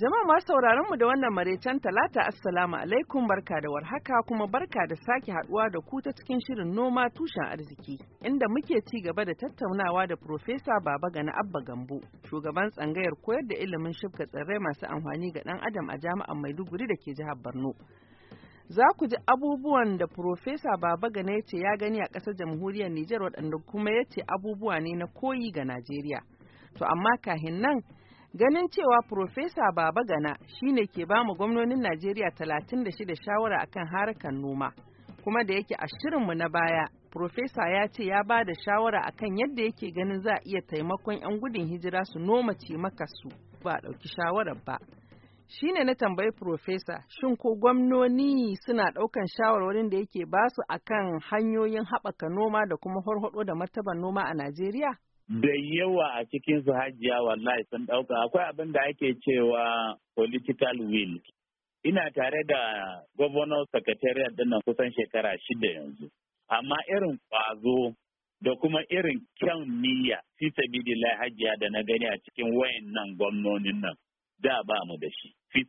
Jama'a masu sauraron mu da wannan maraicen talata assalamu alaikum barka da warhaka kuma barka da sake haduwa da ku ta cikin shirin noma tushen arziki inda muke ci gaba da tattaunawa da Profesa Baba Gana Abba Gambo shugaban tsangayar koyar da ilimin shifka tsirrai masu amfani ga dan adam a jami'an Maiduguri da ke jihar Borno. Za ku ji abubuwan da Profesa Baba Gana ya ce ya gani a ƙasar jamhuriyar Nijar waɗanda kuma ya ce abubuwa ne na koyi ga Najeriya. To amma kahin nan Ganin cewa Profesa Baba Gana shine ke ba mu gwamnonin Najeriya talatin da shida shawara akan harkar noma, kuma da yake a shirinmu na baya, Profesa ya ce ya ba da shawara akan yadda yake ganin za a iya taimakon 'yan gudun hijira su noma ce su ba ɗauki shawarar ba. shine na tambayi Profesa, shin ko gwamnoni suna ɗaukan shawarwarin da yake ba basu akan hanyoyin haɓaka noma da kuma horhoɗo da martaban noma a Najeriya? da yawa a cikin su hajiya wallahi sun ɗauka akwai abin da ake cewa political will ina tare da governor secretariat nan kusan shekara shida yanzu amma irin ƙwazo da kuma irin kyan niyya fi lai hajiya da na gani a cikin wayannan nan gwamnonin nan da ba mu da shi fi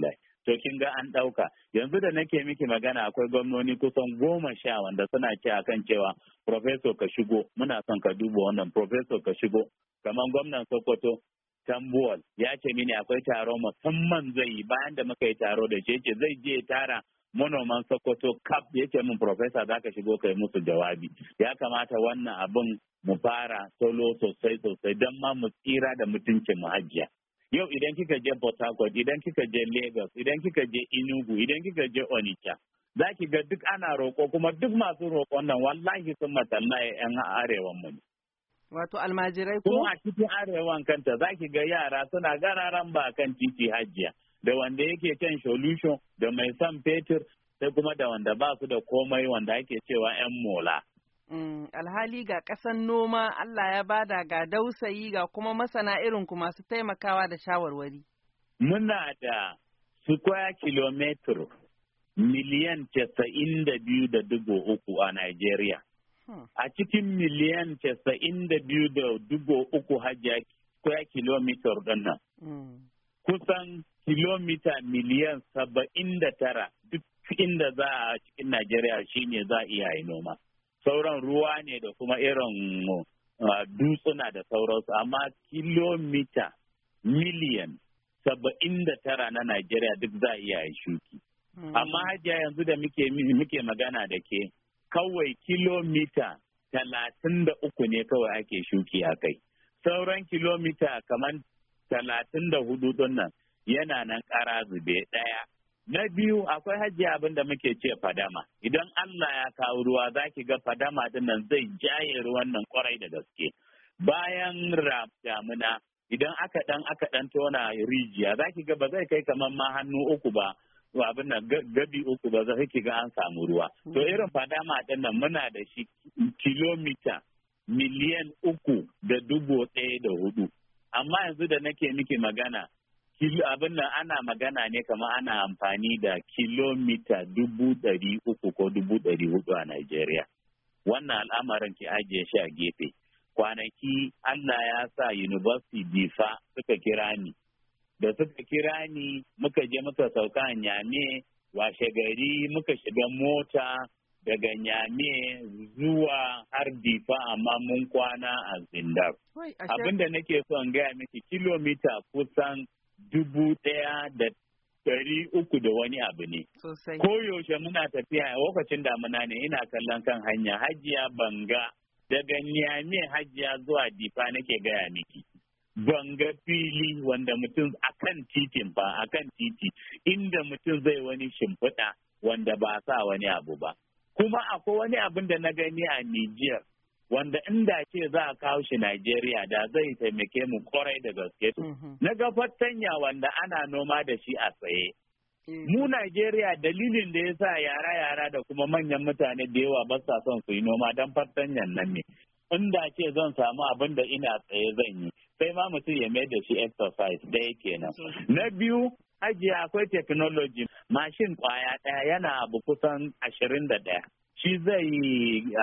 lai. to kin ga an ɗauka yanzu da nake miki magana akwai gwamnoni kusan goma sha wanda suna ce akan cewa profeso ka shigo muna son ka duba wannan profeso ka shigo kamar gwamnan sokoto tambuwal ya ce mini akwai taro musamman zai yi bayan da muka yi taro da shi zai je tara manoman sokoto kap ya ce min profesa za ka shigo yi musu jawabi ya kamata wannan abin mu fara solo sosai sosai don ma mu tsira da mutuncin mu hajiya yau idan kika je Port Harcourt idan kika je Lagos idan kika je Enugu idan kika je Onitsha za ki ga duk ana roƙo kuma duk masu roƙon nan wallahi sun matallaye 'yan arewan mu Wato almajirai ko? a cikin arewan kanta za ki ga yara suna gararan ba kan titi hajjiya da wanda yake can solution da mai san fetur sai kuma da wanda ba su da komai wanda ake cewa 'yan mola. Mm, alhali ga ƙasan noma Allah ya bada ga dausayi ga kuma masana irinku masu taimakawa da shawarwari. Muna da square kilometer miliyan casa'in da biyu da dubu uku a Najeriya. Hmm. A cikin miliyan casa'in da biyu da dubu uku hajiya square kilometer ɗin hmm. Kusan kilomita miliyan saba'in da tara duk inda za a cikin Najeriya shine za a iya yi noma. sauran ruwa ne da kuma irin uh, dutsuna da sauransu amma kilomita miliyan saba'in da tara na Najeriya duk za iya yi shuki. Hmm. Amma hajiya yanzu da muke magana da ke kawai kilomita talatin da uku ne kawai ake shuki a kai. Sauran kilomita kamar talatin da hudu nan yana nan ƙara zube ɗaya Na biyu akwai hajji abin da muke ce fadama. Idan Allah ya kawo ruwa za ki ga fadama din nan zai jaye ruwan nan kwarai da gaske. Bayan damuna idan aka dan aka dan tona rijiya za ki ga ba zai kai kamar ma hannu uku ba abin nan gabi uku ba za ki ga an samu ruwa. To irin fadama din nan muna da shi kilomita miliyan uku da dubu ɗaya da hudu. Amma yanzu da nake miki magana abin nan ana magana ne kamar ana amfani da kilomita dubu ɗari uku ko dubu ɗari hudu a Najeriya. Wannan al'amarin ki ajiye shi a gefe. Kwanaki Allah ya sa University bifa suka kira ni. Da suka kira ni muka je muka sauka a Nyame washe gari muka shiga mota daga Nyame zuwa har bifa amma mun kwana a Zindar. Abin da nake son gaya miki kilomita kusan dubu ɗaya da ɗari uku da wani abu ne. Koyaushe muna tafiya lokacin damuna ne ina kallon kan hanya hajiya banga daga niyami hajiya zuwa difa nake gaya miki. Banga fili wanda mutum akan titin ba akan titi inda mutum zai wani shimfiɗa wanda ba sa wani abu ba. Kuma akwai wani abin da na gani a Nijiyar wanda inda ce za a kawo shi Najeriya da zai taimake mu kwarai da gaske. Mhm. Na ga fatanya wanda ana noma da shi a tsaye. Eh, mu Najeriya dalilin da ya sa yara-yara da kuma manyan mutane da yawa ba sa son su yi noma don fatanyan nan ne. Inda ce zan samu abin da ina tsaye zan yi, sai ma mutum ya mai da shi exercise yake kenan. Na biyu, ajiye akwai technology mashin kwaya ɗaya yana abu kusan ashirin da ɗaya. Shi zai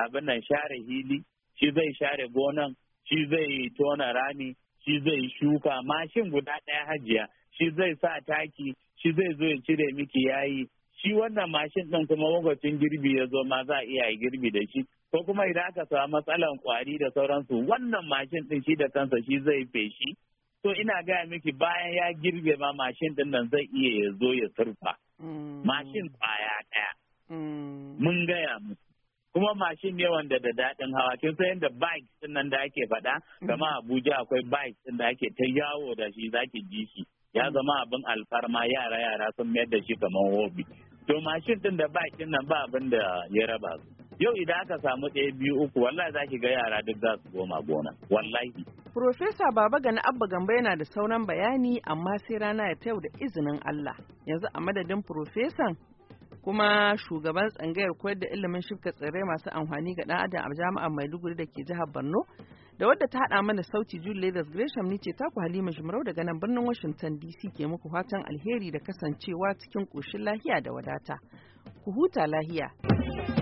abin nan share hili, shi zai share gonan shi zai tona rami shi zai shuka mashin guda ɗaya hajiya shi zai sa taki shi zai zo ya cire miki yayi shi wannan mashin ɗin kuma lokacin girbi ya zo ma za a iya girbi da shi ko kuma idan aka samu matsalan kwari da sauransu wannan mashin ɗin shi da kansa shi zai feshi to ina gaya miki bayan ya girbe ma mashin ɗin nan zai iya ya zo ya surfa mm. mashin kwaya ɗaya mm. mun gaya musu. kuma mashin ne wanda da daɗin hawa kin san yadda bike din nan da ake faɗa mm. kama Abuja akwai bike din da ake ta yawo da shi zaki ji shi ya mm. zama abin alfarma yara yara sun mayar da shi kamar hobi to mashin din da bike din nan ba abin da ya raba su yau idan aka samu ɗaya biyu uku wallahi za ga yara duk za su goma gona wallahi Profesa Baba Gani Abba Gambo yana da sauran bayani amma sai rana ya ta yau da izinin Allah. Yanzu a madadin Profesan kuma shugaban tsangayar koyar da ilimin shifka tsirrai masu amfani ga ɗan adam a jami'ar maiduguri da ke jihar borno da wadda ta haɗa mana sauti julie da gresham ni ce taku halima shimarau daga nan birnin washington dc ke muku fatan alheri da kasancewa cikin koshin lahiya da wadata ku huta lahiya